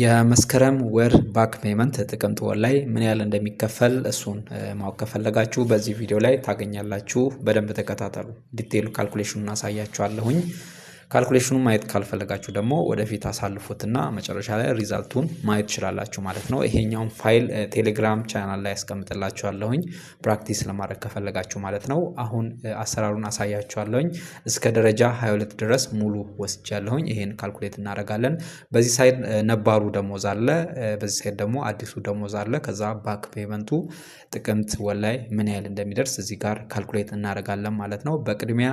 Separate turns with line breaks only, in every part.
የመስከረም ወር ባክ ፔመንት ጥቅምት ወር ላይ ምን ያህል እንደሚከፈል እሱን ማወቅ ከፈለጋችሁ በዚህ ቪዲዮ ላይ ታገኛላችሁ። በደንብ ተከታተሉ። ዲቴይሉ ካልኩሌሽኑን አሳያችኋለሁኝ። ካልኩሌሽኑን ማየት ካልፈለጋችሁ ደግሞ ወደፊት አሳልፉትና መጨረሻ ላይ ሪዛልቱን ማየት ትችላላችሁ ማለት ነው። ይሄኛውን ፋይል ቴሌግራም ቻናል ላይ ያስቀምጥላችኋለሁኝ ፕራክቲስ ለማድረግ ከፈለጋችሁ ማለት ነው። አሁን አሰራሩን አሳያችኋለሁኝ። እስከ ደረጃ 22 ድረስ ሙሉ ወስጃለሁኝ። ይሄን ካልኩሌት እናደርጋለን። በዚህ ሳይድ ነባሩ ደሞዝ አለ፣ በዚህ ሳይድ ደግሞ አዲሱ ደሞዝ አለ። ከዛ ባክ ፔመንቱ ጥቅምት ወላይ ምን ያህል እንደሚደርስ እዚህ ጋር ካልኩሌት እናደርጋለን ማለት ነው። በቅድሚያ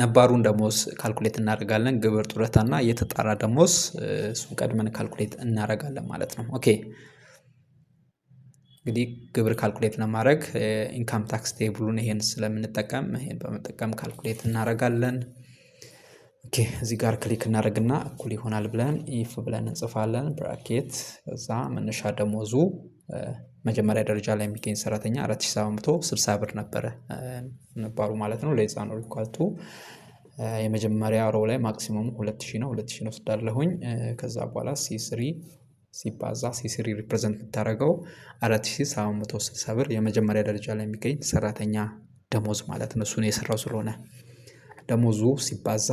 ነባሩን ደሞዝ ካልኩሌት እናደርጋለን ግብር ጡረታና የተጣራ ደሞዝ እሱን ቀድመን ካልኩሌት እናደርጋለን ማለት ነው። ኦኬ እንግዲህ ግብር ካልኩሌት ለማድረግ ኢንካም ታክስ ቴብሉን ይሄን ስለምንጠቀም ይሄን በመጠቀም ካልኩሌት እናደርጋለን። ኦኬ እዚህ ጋር ክሊክ እናደርግና እኩል ይሆናል ብለን ኢፍ ብለን እንጽፋለን ብራኬት ከዛ መነሻ ደሞዙ መጀመሪያ ደረጃ ላይ የሚገኝ ሰራተኛ 4760 ብር ነበረ ነባሩ ማለት ነው። ለዛ ነው ሪኳርቱ የመጀመሪያ ሮ ላይ ማክሲመሙ 2000 ነው። 2000 ስዳለሁኝ። ከዛ በኋላ ሲስሪ ሲባዛ ሲስሪ ሪፕሬዘንት ብታደረገው 4760 ብር የመጀመሪያ ደረጃ ላይ የሚገኝ ሰራተኛ ደሞዝ ማለት ነው። እሱን የሰራው ስለሆነ ደሞዙ ሲባዛ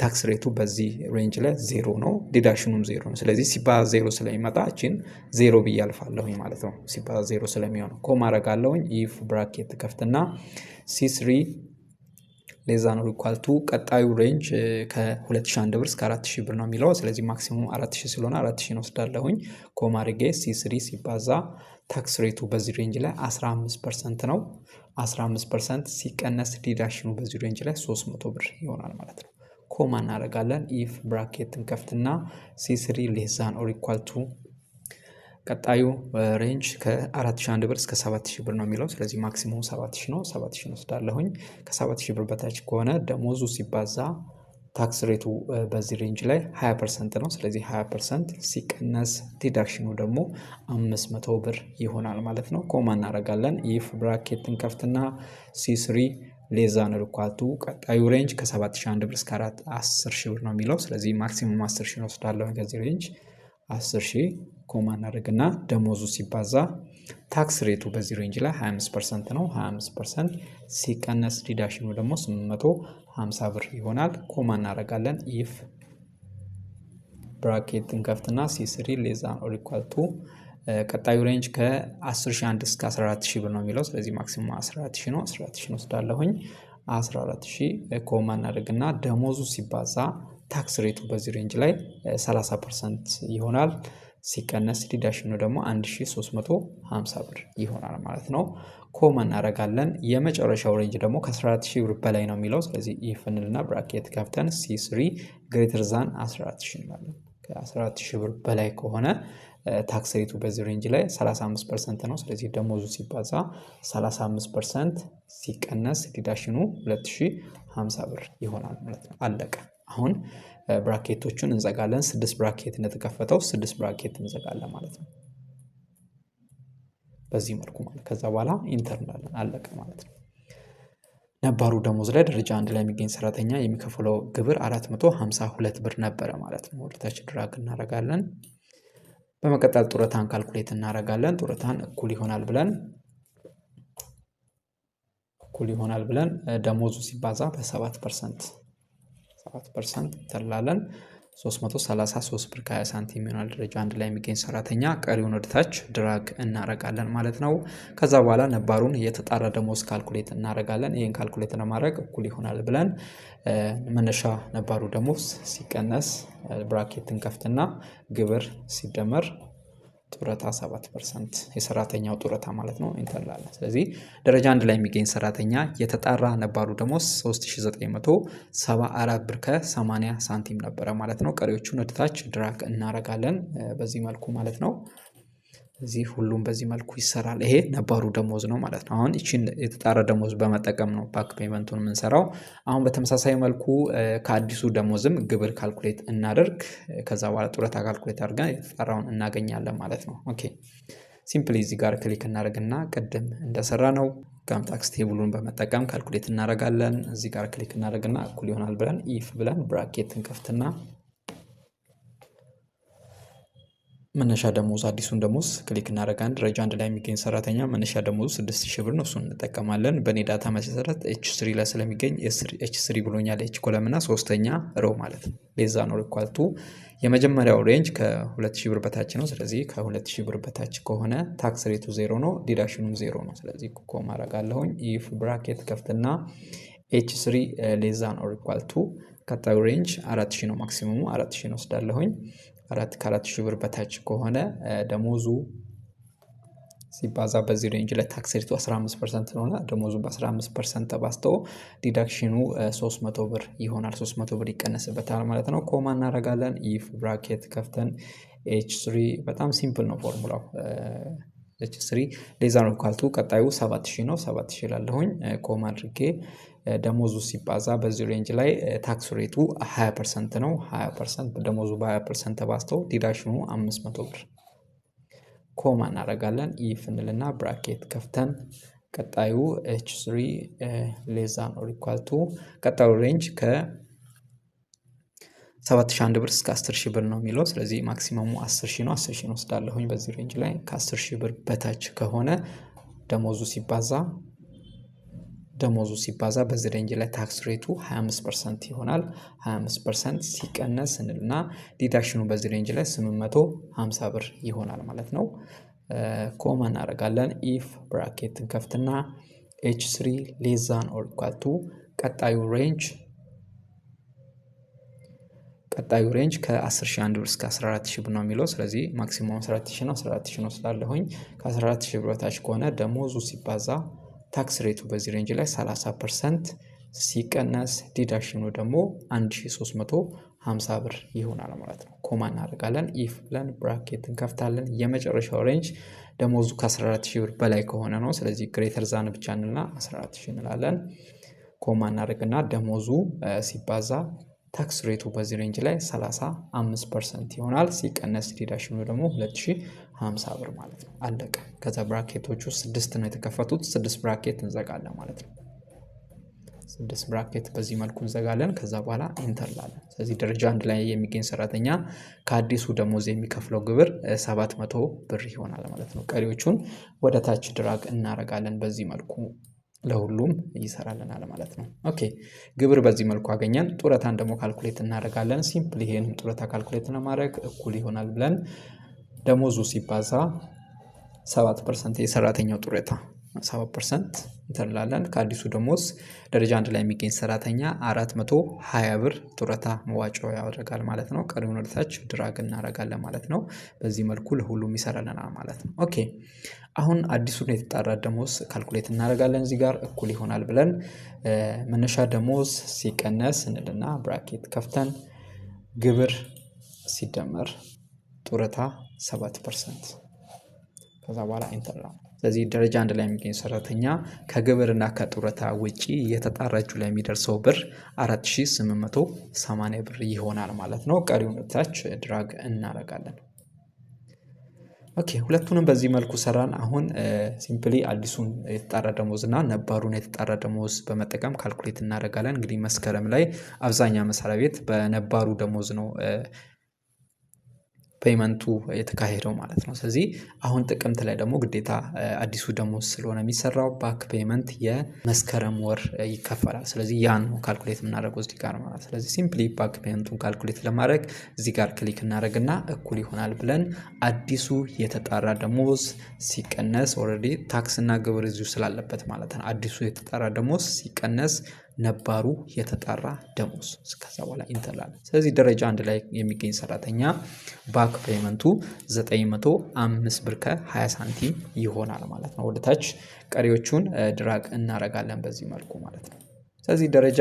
ታክስ ሬቱ በዚህ ሬንጅ ላይ ዜሮ ነው፣ ዲዳሽኑም ዜሮ ነው። ስለዚህ ሲባዛ ዜሮ ስለሚመጣ እችን ዜሮ ብዬ አልፋለሁኝ ማለት ነው። ሲባዛ ዜሮ ስለሚሆነው ኮማ አረጋለሁኝ ኢፍ ብራኬት ከፍትና ሲ3 ለዛ ነው ሪኳል ቀጣዩ ሬንጅ ከ2001 ብር እስከ 4000 ብር ነው የሚለው። ስለዚህ ማክሲሙም 4000 ስለሆነ 4000 እንወስዳለሁኝ። ኮማ አድርጌ ሲስሪ ሲባዛ ታክስ ሬቱ በዚህ ሬንጅ ላይ 15 ፐርሰንት ነው። 15 ፐርሰንት ሲቀነስ ዲዳሽኑ በዚህ ሬንጅ ላይ 300 ብር ይሆናል ማለት ነው። ኮማ እናደርጋለን። ኢፍ ከፍትና እንከፍትና ሲስሪ ሌዛን ኦር ቀጣዩ ሬንጅ ከ 4001 ብር እስከ 7000 ብር ነው የሚለው። ስለዚህ ማክሲሙም 7000 ነው። 7000 ወስዳለሁኝ። ከ7000 ብር በታች ከሆነ ደሞዙ ሲባዛ ታክስ ሬቱ uh, በዚህ ሬንጅ ላይ 20 ፐርሰንት ነው። ስለዚህ 20 ፐርሰንት ሲቀነስ ዲዳክሽኑ ደግሞ 500 ብር ይሆናል ማለት ነው። ኮማ እናደርጋለን። ይፍ ብራኬትን ከፍትና ሲስሪ ሌዛ ንርኳቱ ቀጣዩ ሬንጅ ከ7001 ብር እስከ 10000 ብር ነው የሚለው። ስለዚህ ማክሲሙም 10 10000 ወስዳለሁኝ ከዚህ ሬንጅ አስር ሺህ ኮማ እናደርግና ደሞዙ ሲባዛ ታክስ ሬቱ በዚህ ሬንጅ ላይ 25 ፐርሰንት ነው። 25 ፐርሰንት ሲቀነስ ዲዳሽኑ ደግሞ 850 ብር ይሆናል። ኮማ እናደርጋለን። ኢፍ ብራኬት እንከፍትና ሲስሪ ሌዛ ሪኳልቱ ቀጣዩ ሬንጅ ከ10001 እስከ 14000 ብር ነው የሚለው። ስለዚህ ማክሲሙም 14000 ነው። 14000 ወስዳለሁኝ። 14000 ኮማ እናደርግና ደሞዙ ሲባዛ ታክስ ሬቱ በዚህ ሬንጅ ላይ 30 ፐርሰንት ይሆናል። ሲቀነስ ዲዳሽኑ ደግሞ 1350 ብር ይሆናል ማለት ነው። ኮማ እናደርጋለን። የመጨረሻው ሬንጅ ደግሞ ከ14 ብር በላይ ነው የሚለው ስለዚህ ይህ ፍንልና ብራኬት ከፍተን ሲ3 ግሬተር ዛን 14 እንላለን። ከ14 ብር በላይ ከሆነ ታክስ ሬቱ በዚህ ሬንጅ ላይ 35 ፐርሰንት ነው። ስለዚህ ደሞዙ ሲባዛ 35 ፐርሰንት ሲቀነስ ዲዳሽኑ 2050 ብር ይሆናል ማለት ነው። አለቀ። አሁን ብራኬቶቹን እንዘጋለን። ስድስት ብራኬት እንደተከፈተው ስድስት ብራኬት እንዘጋለን ማለት ነው። በዚህ መልኩ ማለት ከዛ በኋላ ኢንተር እንላለን። አለቀ ማለት ነው። ነባሩ ደሞዝ ላይ ደረጃ አንድ ላይ የሚገኝ ሰራተኛ የሚከፍለው ግብር 452 ብር ነበረ ማለት ነው። ወደታች ድራግ እናደርጋለን። በመቀጠል ጡረታን ካልኩሌት እናደርጋለን። ጡረታን እኩል ይሆናል ብለን እኩል ይሆናል ብለን ደሞዙ ሲባዛ በሰባት ፐርሰንት 7 ፐርሰንት ተላለን 333 ብር ከ20 ሳንቲም ይሆናል። ደረጃ አንድ ላይ የሚገኝ ሰራተኛ ቀሪውን ወደታች ድራግ እናረጋለን ማለት ነው። ከዛ በኋላ ነባሩን የተጣራ ደሞዝ ካልኩሌት እናረጋለን። ይህን ካልኩሌት ለማድረግ እኩል ይሆናል ብለን መነሻ ነባሩ ደሞዝ ሲቀነስ ብራኬትን ከፍትና ግብር ሲደመር ጡረታ 7 ፐርሰንት የሰራተኛው ጡረታ ማለት ነው እንተላለን። ስለዚህ ደረጃ አንድ ላይ የሚገኝ ሰራተኛ የተጣራ ነባሩ ደግሞ 3974 ብር ከ80 ሳንቲም ነበረ ማለት ነው። ቀሪዎቹን ወደታች ድራግ እናረጋለን በዚህ መልኩ ማለት ነው። እዚህ ሁሉም በዚህ መልኩ ይሰራል። ይሄ ነባሩ ደሞዝ ነው ማለት ነው። አሁን ይችን የተጣራ ደሞዝ በመጠቀም ነው ባክ ፔመንቱን የምንሰራው። አሁን በተመሳሳይ መልኩ ከአዲሱ ደሞዝም ግብር ካልኩሌት እናደርግ። ከዛ በኋላ ጡረታ ካልኩሌት አድርገን የተጣራውን እናገኛለን ማለት ነው። ኦኬ ሲምፕሊ እዚህ ጋር ክሊክ እናደርግና ቅድም እንደሰራ ነው ጋም ታክስ ቴብሉን በመጠቀም ካልኩሌት እናደርጋለን። እዚህ ጋር ክሊክ እናደርግና እኩል ይሆናል ብለን ኢፍ ብለን ብራኬት እንከፍትና መነሻ ደሞዝ አዲሱን ደሞዝ ክሊክ እናደረግ አንድ ደረጃ አንድ ላይ የሚገኝ ሰራተኛ መነሻ ደሞዝ ስድስት ሺህ ብር ነው። እሱን እንጠቀማለን። በእኔ ዳታ መሰረት ኤች ስሪ ላይ ስለሚገኝ ኤች ስሪ ብሎኛል። ኤች ኮለም እና ሶስተኛ ሮው ማለት ነው። ሌዛ ነው ሪኳልቱ የመጀመሪያው ሬንጅ ከሁለት ሺህ ብር በታች ነው። ስለዚህ ከሁለት ሺህ ብር በታች ከሆነ ታክስ ሬቱ ዜሮ ነው፣ ዲዳሽኑም ዜሮ ነው። ስለዚህ ኮ ማረጋለሁኝ ኢፍ ብራኬት ከፍትና ኤች ስሪ ሌዛ ነው ሪኳልቱ ካታጎሪ ሬንጅ አራት ሺህ ነው። ማክሲሙሙ አራት ሺህ ነው ስዳለሁኝ አራት ከአራት ሺህ ብር በታች ከሆነ ደሞዙ ሲባዛ በዚህ ሬንጅ ላይ ታክስ ሬቱ 15 ፐርሰንት ነውና ደሞዙ በ15 ፐርሰንት ተባዝቶ ዲዳክሽኑ 300 ብር ይሆናል። 300 ብር ይቀነስበታል ማለት ነው። ኮማ እናደርጋለን። ኢፍ ብራኬት ከፍተን ኤች ስሪ በጣም ሲምፕል ነው ፎርሙላው ኤች ስሪ ሌዛ ነው ካልቱ ቀጣዩ 7000 ነው። 7000 ላለሁኝ ኮማ አድርጌ ደሞዙ ሲባዛ በዚህ ሬንጅ ላይ ታክስ ሬቱ 20 ፐርሰንት ነው። 20 ፐርሰንት ደሞዙ በ20 ፐርሰንት ተባዝተው ዲዳሽኑ 500 ብር ኮማ እናደርጋለን። ኢፍ እንልና ብራኬት ከፍተን ቀጣዩ ኤች ስሪ ሌዛ ነው ሪኳልቱ ቀጣዩ ሬንጅ ከ 7001 ብር እስከ 10000 ብር ነው የሚለው። ስለዚህ ማክሲመሙ 10000 ነው። 10 10000 ወስዳለሁኝ። በዚህ ሬንጅ ላይ ከ10000 ብር በታች ከሆነ ደሞዙ ሲባዛ ደሞዙ ሲባዛ በዚህ ሬንጅ ላይ ታክስ ሬቱ 25 ፐርሰንት ይሆናል። 25 ፐርሰንት ሲቀነስ እንልና ዲዳክሽኑ በዚህ ሬንጅ ላይ 850 ብር ይሆናል ማለት ነው። ኮማ እናደርጋለን። ኢፍ ብራኬትን ከፍትና ኤች ስሪ ሌዛን ኦር ኢኳል ቱ ቀጣዩ ሬንጅ ቀጣዩ ሬንጅ ከ10001 ብር እስከ 14000 ብር ነው የሚለው። ስለዚህ ማክሲሙም 14000 ነው። 14000 ነው ስላለሁኝ ከ14000 ብር በታች ከሆነ ደሞዙ ሲባዛ ታክስ ሬቱ በዚህ ሬንጅ ላይ 30 ፐርሰንት ሲቀነስ ዲዳሽኑ ደግሞ 1350 ብር ይሆናል ማለት ነው። ኮማ እናደርጋለን ኢፍ ብለን ብራኬት እንከፍታለን። የመጨረሻው ሬንጅ ደሞዙ ከ14000 ብር በላይ ከሆነ ነው። ስለዚህ ግሬተር ዛን ብቻ እንልና 14000 እንላለን። ኮማ እናደርግና ደሞዙ ሲባዛ ታክስ ሬቱ በዚህ ሬንጅ ላይ 35 ፐርሰንት ይሆናል። ሲቀነስ ዲዳሽኑ ደግሞ 50 ብር ማለት ነው። አለቀ። ከዛ ብራኬቶቹ ስድስት ነው የተከፈቱት። ስድስት ብራኬት እንዘጋለን ማለት ነው። ስድስት ብራኬት በዚህ መልኩ እንዘጋለን። ከዛ በኋላ ኢንተር ላለን። ስለዚህ ደረጃ አንድ ላይ የሚገኝ ሰራተኛ ከአዲሱ ደሞዝ የሚከፍለው ግብር 700 ብር ይሆናል ማለት ነው። ቀሪዎቹን ወደ ታች ድራግ እናረጋለን። በዚህ መልኩ ለሁሉም ይሰራልናል ማለት ነው። ኦኬ ግብር በዚህ መልኩ አገኘን። ጡረታን ደግሞ ካልኩሌት እናደርጋለን። ሲምፕል ይሄንም ጡረታ ካልኩሌት ለማድረግ እኩል ይሆናል ብለን ደሞዙ ሲባዛ 7 ፐርሰንት የሰራተኛው ጡረታ 7 ፐርሰንት እንተላለን ከአዲሱ ደሞዝ ደረጃ አንድ ላይ የሚገኝ ሰራተኛ አራት መቶ ሀያ ብር ጡረታ መዋጮ ያደርጋል ማለት ነው። ቀሪውን ወደታች ድራግ እናደርጋለን ማለት ነው። በዚህ መልኩ ለሁሉም ይሰራልናል ማለት ነው። ኦኬ አሁን አዲሱን የተጣራ ደሞዝ ካልኩሌት እናደርጋለን። እዚህ ጋር እኩል ይሆናል ብለን መነሻ ደሞዝ ሲቀነስ እንልና ብራኬት ከፍተን ግብር ሲደመር ጡረታ 7 ፐርሰንት ከዛ በኋላ ኢንተር ነው። ስለዚህ ደረጃ አንድ ላይ የሚገኝ ሰራተኛ ከግብርና ከጡረታ ውጪ የተጣራ ላይ የሚደርሰው ብር 4880 ብር ይሆናል ማለት ነው። ቀሪውን ታች ድራግ እናደርጋለን። ኦኬ ሁለቱንም በዚህ መልኩ ሰራን። አሁን ሲምፕሊ አዲሱን የተጣራ ደሞዝ እና ነባሩን የተጣራ ደሞዝ በመጠቀም ካልኩሌት እናደርጋለን። እንግዲህ መስከረም ላይ አብዛኛው መስሪያ ቤት በነባሩ ደሞዝ ነው ፔይመንቱ የተካሄደው ማለት ነው። ስለዚህ አሁን ጥቅምት ላይ ደግሞ ግዴታ አዲሱ ደሞዝ ስለሆነ የሚሰራው ባክ ፔይመንት የመስከረም ወር ይከፈላል። ስለዚህ ያን ነው ካልኩሌት የምናደርገው እዚህ ጋር ማለት ስለዚህ ሲምፕሊ ባክ ፔይመንቱን ካልኩሌት ለማድረግ እዚህ ጋር ክሊክ እናደርግና እኩል ይሆናል ብለን አዲሱ የተጣራ ደሞዝ ሲቀነስ ኦልሬዲ ታክስና ግብር እዚሁ ስላለበት ማለት ነው። አዲሱ የተጣራ ደሞዝ ሲቀነስ ነባሩ የተጣራ ደሞዝ እስከዛ በኋላ ኢንተርላል። ስለዚህ ደረጃ አንድ ላይ የሚገኝ ሰራተኛ ባክ ፔመንቱ 905 ብር ከ20 ሳንቲም ይሆናል ማለት ነው። ወደታች ቀሪዎቹን ድራቅ እናረጋለን በዚህ መልኩ ማለት ነው። ስለዚህ ደረጃ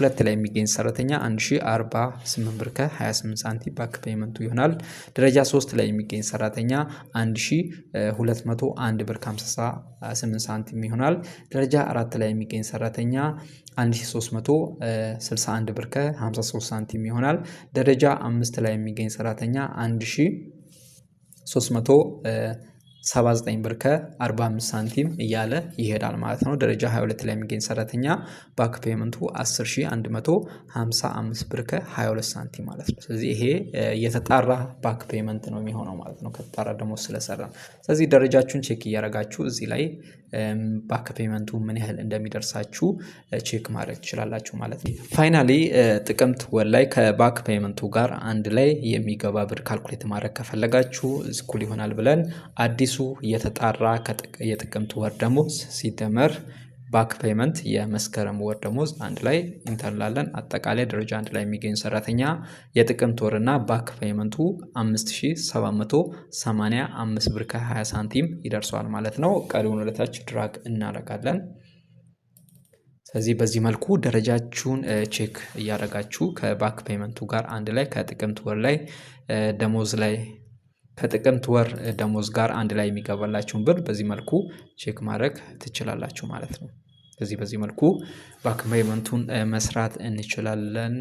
ሁለት ላይ የሚገኝ ሰራተኛ 1048 ብር ከ28 ሳንቲም ባክ ፔመንቱ ይሆናል። ደረጃ 3 ላይ የሚገኝ ሰራተኛ 1201 ብር ከ58 ሳንቲም ይሆናል። ደረጃ 4 ላይ የሚገኝ ሰራተኛ 1361 ብር ከ53 ሳንቲም ይሆናል። ደረጃ 5 ላይ የሚገኝ ሰራተኛ 1300 79 ብር ከ45 ሳንቲም እያለ ይሄዳል ማለት ነው። ደረጃ 22 ላይ የሚገኝ ሰራተኛ ባክ ፔመንቱ 10155 ብር ከ22 ሳንቲም ማለት ነው። ስለዚህ ይሄ የተጣራ ባክ ፔመንት ነው የሚሆነው ማለት ነው። ከተጣራ ደግሞ ስለሰራ ስለዚህ ደረጃችሁን ቼክ እያደረጋችሁ እዚህ ላይ ባክ ፔመንቱ ምን ያህል እንደሚደርሳችሁ ቼክ ማድረግ ትችላላችሁ ማለት ነው። ፋይናሊ ጥቅምት ወር ላይ ከባክ ፔመንቱ ጋር አንድ ላይ የሚገባ ብር ካልኩሌት ማድረግ ከፈለጋችሁ እኩል ይሆናል ብለን አዲሱ የተጣራ የጥቅምት ወር ደሞዝ ሲደመር ባክ ፔመንት የመስከረም ወር ደሞዝ አንድ ላይ እንተላለን አጠቃላይ ደረጃ አንድ ላይ የሚገኝ ሰራተኛ የጥቅምት ወርና ባክ ፔመንቱ 5785 ብር ከ20 ሳንቲም ይደርሰዋል ማለት ነው። ቀሪውን ወደታች ድራግ እናደርጋለን። ስለዚህ በዚህ መልኩ ደረጃችሁን ቼክ እያደረጋችሁ ከባክ ፔመንቱ ጋር አንድ ላይ ከጥቅምት ወር ላይ ደሞዝ ላይ ከጥቅምት ወር ደሞዝ ጋር አንድ ላይ የሚገባላችሁን ብር በዚህ መልኩ ቼክ ማድረግ ትችላላችሁ ማለት ነው። በዚህ በዚህ መልኩ ባክ መስራት እንችላለን።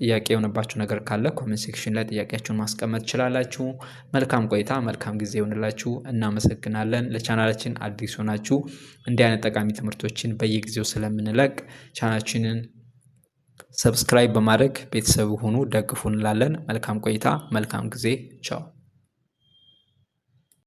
ጥያቄ የሆነባችሁ ነገር ካለ ኮሜንት ሴክሽን ላይ ጥያቄያችሁን ማስቀመጥ ትችላላችሁ። መልካም ቆይታ፣ መልካም ጊዜ ይሆንላችሁ። እናመሰግናለን። ለቻናላችን አዲስ ሆናችሁ እንዲህ አይነት ጠቃሚ ትምህርቶችን በየጊዜው ስለምንለቅ ቻናላችንን ሰብስክራይብ በማድረግ ቤተሰብ ሆኑ ደግፉ እንላለን። መልካም ቆይታ፣ መልካም ጊዜ። ቻው